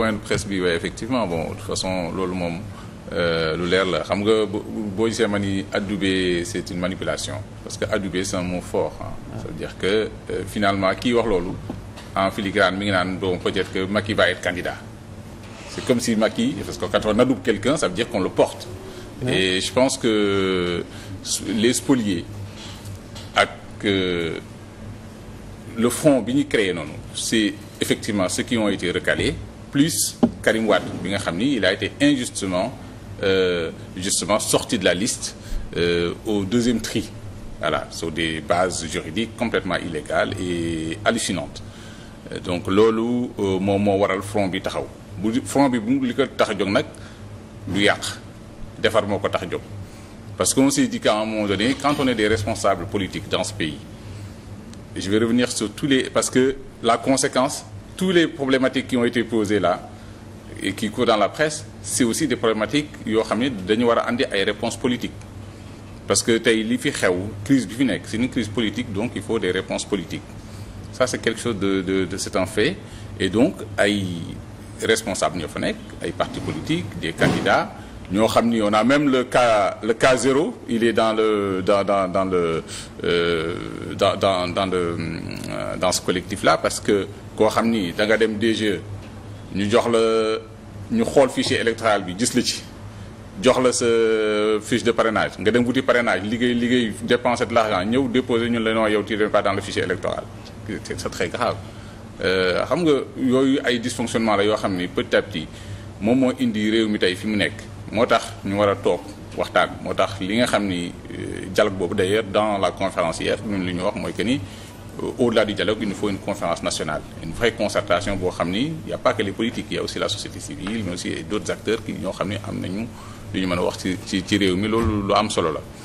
point de bi waaye effectivement bon de façon loolu moom euh, lu leer la xam nga boo gisee ma ni est une manipulation parce que adoubé c' est un mot fort ah. veut dire que euh, finalement kii wax loolu en filigrane mi ngi naan bon peut-être que Macky va être candidat c' comme si Macky parce que quand on adoube quelqu'un ça veut dire qu'on le porte. et je pense que les spoliés ak euh, le front bi ñu créé noonu c' effectivement ceux qui ont été recalés. plus Karim Wade bi nga xam ni il a été injustement euh, justement sorti de la liste euh, au deuxième tri voilà sur des bases juridiques complètement illégales et hallucinantes euh, donc loolu euh, moom moo waral front bi taxaw bu front bi bu li ko tax a jóg nag du yàq defar moo ko tax jóg parce qu'on s'est dit qu'à un moment donné quand on est des responsables politiques dans ce pays et je vais revenir sur tous les parce que la conséquence tous les problématiques qui ont été posés là et qui courent dans la presse c'est aussi des problématiques yoo xam ne dañu war a andi ay réponses politiques parce que tey li fi xew crise bi fi nekk c'est une crise politique donc il faut des réponses politiques ça c'est quelque chose de de de c'est fait et donc ay responsables ñoo fa nekk ay partis politiques des candidats ñoo xam ni on a même le cas le cas zéro il est dans le dans dans dans le euh, dans dans dans le euh, dans ce collectif là parce que koo xam ni da nga dem DG e, ñu jox la ñu xool fichier électoral bi gis la ci jox la sa euh, fiche de parrainage nga dem wuti parrainage liggéey liggéey dépenser de l'argent ñëw déposer ñun la non yow tu n'es pas dans le fichier électoral c'est très grave xam nga yooyu ay dysfonctionnement la yoo xam ni peut à petit moom moo indi réew mi tey fi mu nekk moo tax ñu war a toog waxtaan moo tax li nga xam ni euh, dialogue boobu d'ailleurs dans la conférence hier ñun li ñu wax mooy que ni euh, au-delà du dialogue il nous faut une conférence nationale une vraie concertation boo xam ni y a pas que a aussi la société civile mais aussi d'autres acteurs qui ñoo xam ni am nañu lu ñu mën a wax ci ci ci réew mi loolu lu am solo la